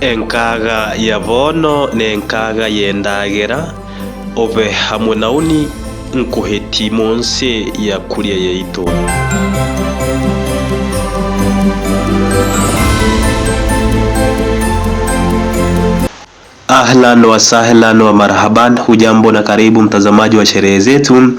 enkaga ya bono enkaga y'endagera obe hamwe nauni nkuhetiimunsi ya kurya yaitu Ahlan wa sahlan wa marhaban, hujambo na karibu mtazamaji wa sherehe zetu.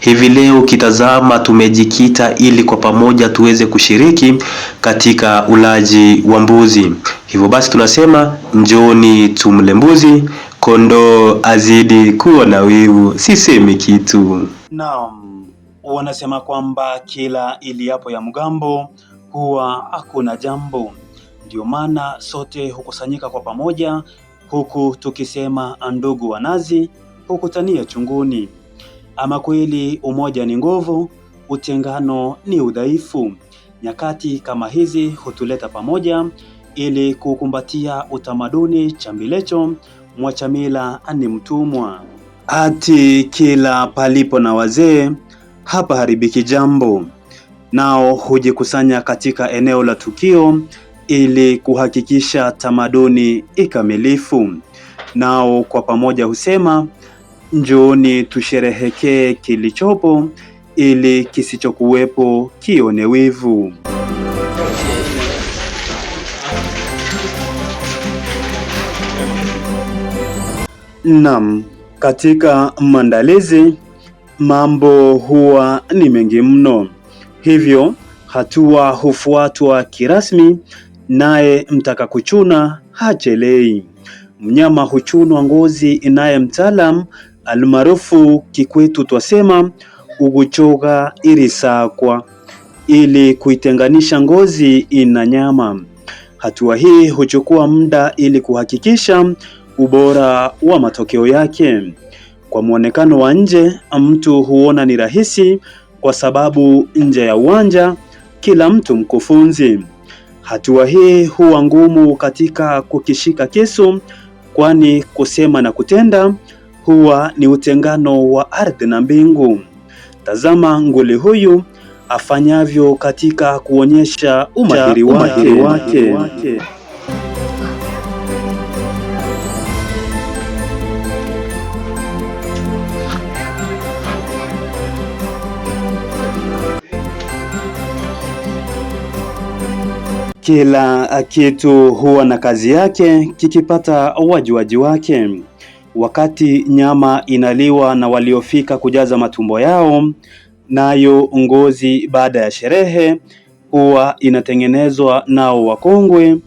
Hivi leo ukitazama, tumejikita ili kwa pamoja tuweze kushiriki katika ulaji wa mbuzi. Hivyo basi tunasema njoni tumle mbuzi, kondoo azidi kuwa na wivu, sisemi kitu. Naam, wanasema kwamba kila iliapo ya mgambo huwa hakuna jambo, ndio maana sote hukusanyika kwa pamoja huku tukisema ndugu wa nazi hukutania chunguni. Ama kweli umoja ni nguvu, utengano ni udhaifu. Nyakati kama hizi hutuleta pamoja ili kukumbatia utamaduni chambilecho, mwachamila ni mtumwa. Ati kila palipo na wazee hapa haribiki jambo. Nao hujikusanya katika eneo la tukio ili kuhakikisha tamaduni ikamilifu. Nao kwa pamoja husema njooni tusherehekee kilichopo ili kisichokuwepo kione wivu. Naam, katika maandalizi mambo huwa ni mengi mno, hivyo hatua hufuatwa kirasmi naye mtaka kuchuna hachelei. Mnyama huchunwa ngozi inaye mtaalam almaarufu kikwetu twasema uguchoga irisakwa ili kuitenganisha ngozi ina nyama. Hatua hii huchukua muda ili kuhakikisha ubora wa matokeo yake. Kwa muonekano wa nje, mtu huona ni rahisi kwa sababu nje ya uwanja kila mtu mkufunzi. Hatua hii huwa ngumu katika kukishika kisu, kwani kusema na kutenda huwa ni utengano wa ardhi na mbingu. Tazama nguli huyu afanyavyo katika kuonyesha umahiri wake. Kila kitu huwa na kazi yake kikipata wajuaji wake. Wakati nyama inaliwa na waliofika kujaza matumbo yao, nayo ngozi baada ya sherehe huwa inatengenezwa nao wakongwe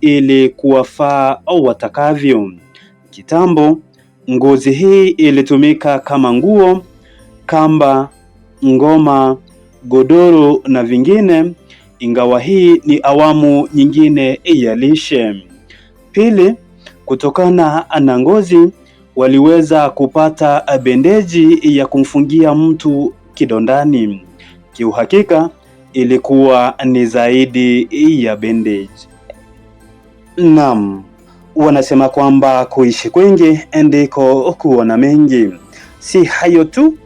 ili kuwafaa au watakavyo. Kitambo ngozi hii ilitumika kama nguo, kamba, ngoma, godoro na vingine ingawa hii ni awamu nyingine ya lishe. Pili, kutokana na ngozi waliweza kupata bendeji ya kumfungia mtu kidondani. Kiuhakika ilikuwa ni zaidi ya bendeji. Naam, wanasema kwamba kuishi kwingi ndiko kuona mengi. Si hayo tu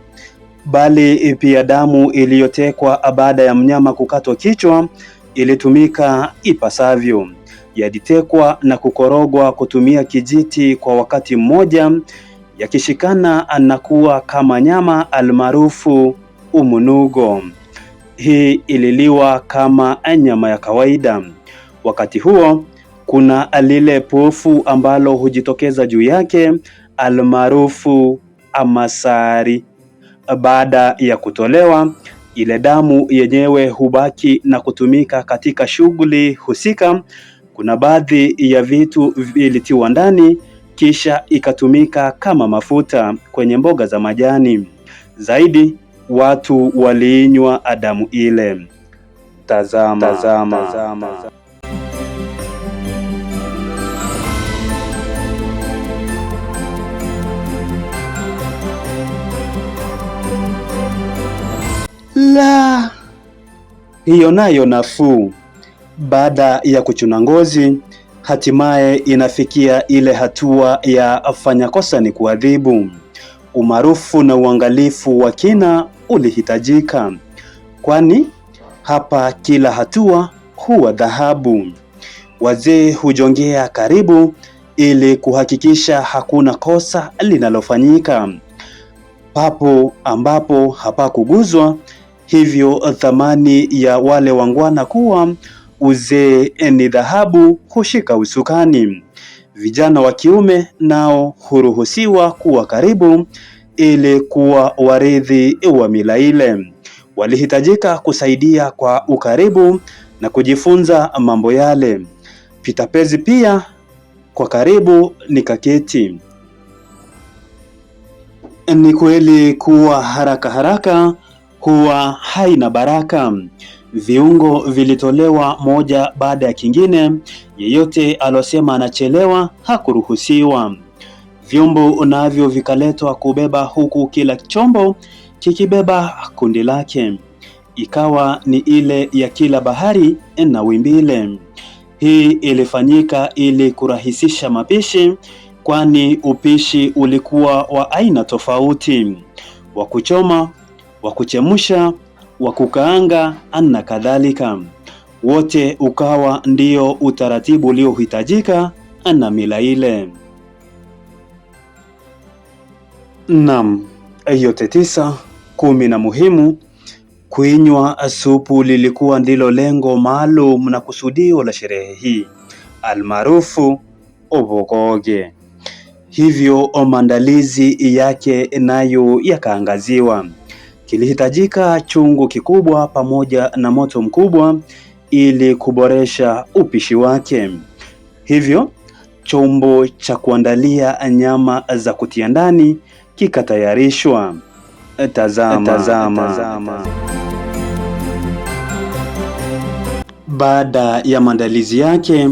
bali pia damu iliyotekwa baada ya mnyama kukatwa kichwa ilitumika ipasavyo. Yalitekwa na kukorogwa kutumia kijiti kwa wakati mmoja, yakishikana anakuwa kama nyama almaarufu umunugo. Hii ililiwa kama nyama ya kawaida. Wakati huo kuna lile pofu ambalo hujitokeza juu yake almaarufu amasari baada ya kutolewa, ile damu yenyewe hubaki na kutumika katika shughuli husika. Kuna baadhi ya vitu vilitiwa ndani kisha ikatumika kama mafuta kwenye mboga za majani. Zaidi watu waliinywa damu ile. Tazama, tazama, tazama. hiyo nayo nafuu. Baada ya kuchuna ngozi, hatimaye inafikia ile hatua ya afanya kosa ni kuadhibu. Umaarufu na uangalifu wa kina ulihitajika, kwani hapa kila hatua huwa dhahabu. Wazee hujongea karibu ili kuhakikisha hakuna kosa linalofanyika. Papo ambapo hapakuguzwa Hivyo thamani ya wale wangwana kuwa uzee ni dhahabu hushika usukani. Vijana wa kiume nao huruhusiwa kuwa karibu ili kuwa warithi wa mila ile. Walihitajika kusaidia kwa ukaribu na kujifunza mambo yale. Pitapezi pia kwa karibu ni kaketi Ni kweli kuwa haraka haraka kuwa hai na baraka. Viungo vilitolewa moja baada ya kingine, yeyote alosema anachelewa hakuruhusiwa. Vyombo navyo vikaletwa kubeba, huku kila chombo kikibeba kundi lake, ikawa ni ile ya kila bahari na wimbile. Hii ilifanyika ili kurahisisha mapishi, kwani upishi ulikuwa wa aina tofauti, wa kuchoma wa kuchemsha, wa kukaanga na kadhalika. Wote ukawa ndio utaratibu uliohitajika na mila ile. Naam, yote tisa kumi na muhimu kuinywa supu lilikuwa ndilo lengo maalum na kusudio la sherehe hii almaarufu ovogoge. Hivyo maandalizi yake nayo yakaangaziwa kilihitajika chungu kikubwa pamoja na moto mkubwa ili kuboresha upishi wake. Hivyo chombo cha kuandalia nyama za kutia ndani kikatayarishwa. E, tazama, e, tazama, e, tazama. Baada ya maandalizi yake,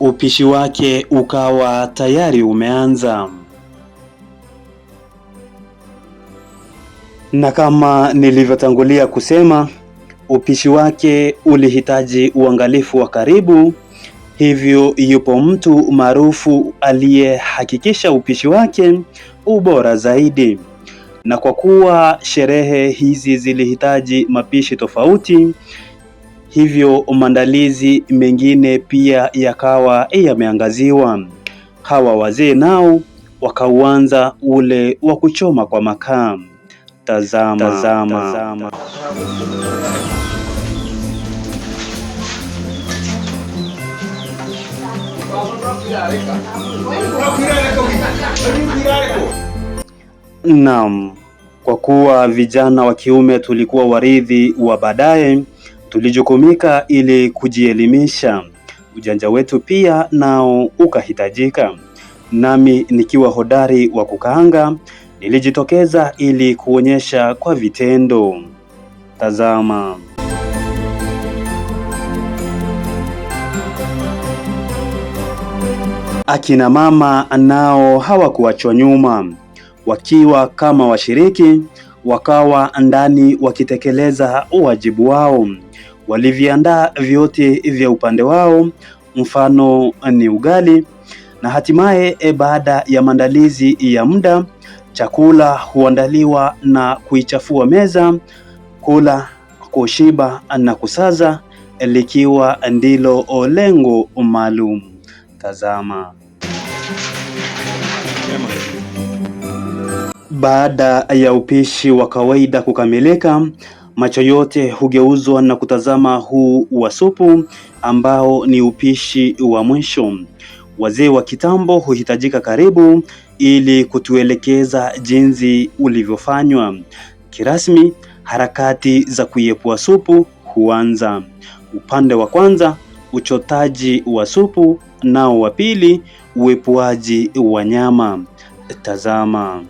upishi wake ukawa tayari umeanza. na kama nilivyotangulia kusema, upishi wake ulihitaji uangalifu wa karibu. Hivyo yupo mtu maarufu aliyehakikisha upishi wake ubora zaidi. Na kwa kuwa sherehe hizi zilihitaji mapishi tofauti, hivyo maandalizi mengine pia yakawa yameangaziwa. Hawa wazee nao wakauanza ule wa kuchoma kwa makaa. Tazama, tazama, tazama. Naam, kwa kuwa vijana wa kiume tulikuwa warithi wa baadaye, tulijukumika ili kujielimisha. Ujanja wetu pia nao ukahitajika, nami nikiwa hodari wa kukaanga lilijitokeza ili kuonyesha kwa vitendo. Tazama. Akina mama nao hawakuachwa nyuma, wakiwa kama washiriki, wakawa ndani wakitekeleza wajibu wao. Waliviandaa vyote vya upande wao, mfano ni ugali, na hatimaye eh, baada ya maandalizi ya muda Chakula huandaliwa na kuichafua meza, kula, kushiba na kusaza likiwa ndilo lengo maalum. Tazama. Baada ya upishi wa kawaida kukamilika, macho yote hugeuzwa na kutazama huu wa supu ambao ni upishi wa mwisho. Wazee wa kitambo huhitajika karibu ili kutuelekeza jinsi ulivyofanywa. Kirasmi, harakati za kuiepua supu huanza. Upande wa kwanza, uchotaji wa supu, nao wa pili, uepuaji wa nyama. Tazama.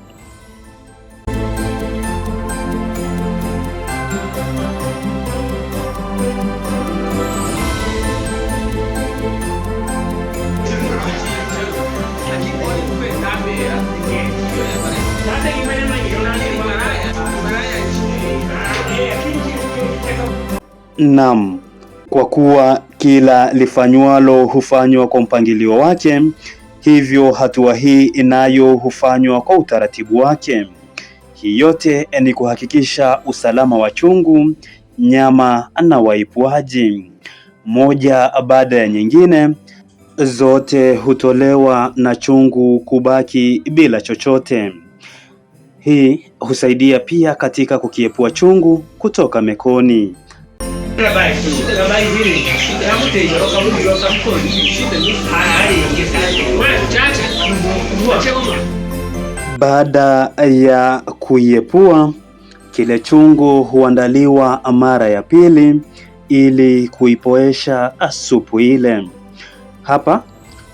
Naam, kwa kuwa kila lifanywalo hufanywa kwa mpangilio wake, hivyo hatua hii inayo hufanywa kwa utaratibu wake. Hii yote ni kuhakikisha usalama wa chungu, nyama na waipwaji, moja baada ya nyingine, zote hutolewa na chungu kubaki bila chochote. Hii husaidia pia katika kukiepua chungu kutoka mekoni. Baada ya kuiepua, kile chungu huandaliwa mara ya pili ili kuipoesha supu ile. Hapa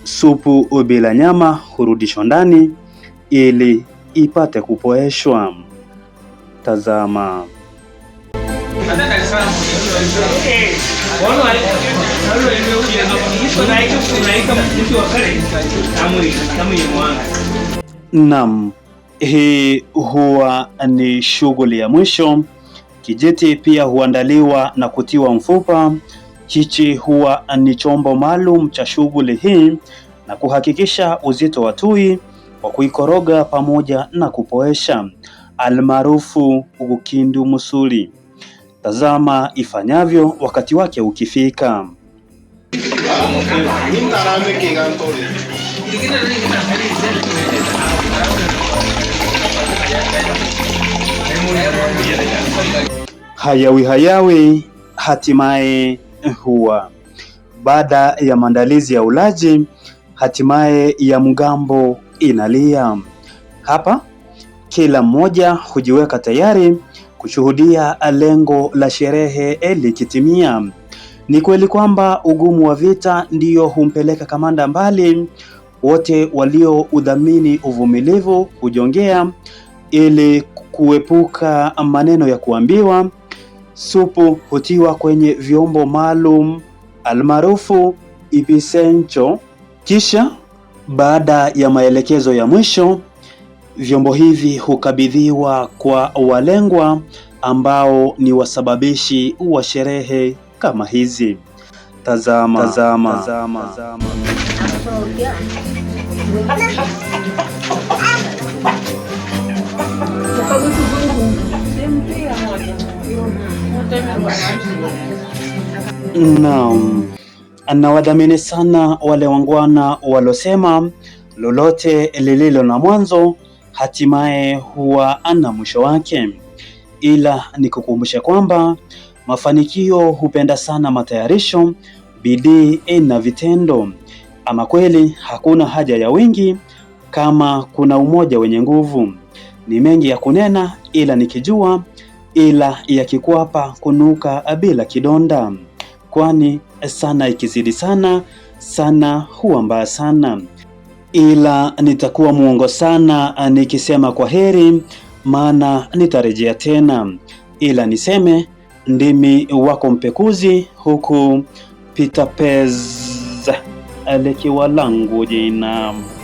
supu bila nyama hurudishwa ndani ili ipate kupoeshwa. Tazama. Naam, hii huwa ni shughuli ya mwisho. Kijiti pia huandaliwa na kutiwa mfupa. Chichi huwa ni chombo maalum cha shughuli hii na kuhakikisha uzito wa tui kwa kuikoroga pamoja na kupoesha almaarufu ukindu musuli tazama ifanyavyo wakati wake ukifika. Hayawi hayawi hatimaye huwa. Baada ya maandalizi ya ulaji, hatimaye ya mgambo inalia. Hapa kila mmoja hujiweka tayari kushuhudia lengo la sherehe likitimia. Ni kweli kwamba ugumu wa vita ndiyo humpeleka kamanda mbali. Wote walioudhamini uvumilivu hujongea ili kuepuka maneno ya kuambiwa. Supu hutiwa kwenye vyombo maalum almaarufu ipisencho, kisha baada ya maelekezo ya mwisho Vyombo hivi hukabidhiwa kwa walengwa ambao ni wasababishi wa sherehe kama hizi. Tazama, tazama, tazama, tazama. Naam, nawadhamini sana wale wangwana walosema lolote lililo na mwanzo hatimaye huwa ana mwisho wake, ila nikukumbusha kwamba mafanikio hupenda sana matayarisho, bidii na vitendo. Ama kweli hakuna haja ya wingi kama kuna umoja wenye nguvu. Ni mengi ya kunena, ila nikijua, ila yakikwapa kunuka bila kidonda, kwani sana ikizidi sana sana huwa mbaya sana ila nitakuwa muongo sana nikisema kwa heri, maana nitarejea tena, ila niseme ndimi wako mpekuzi, huku Peter Pez likiwa langu jina.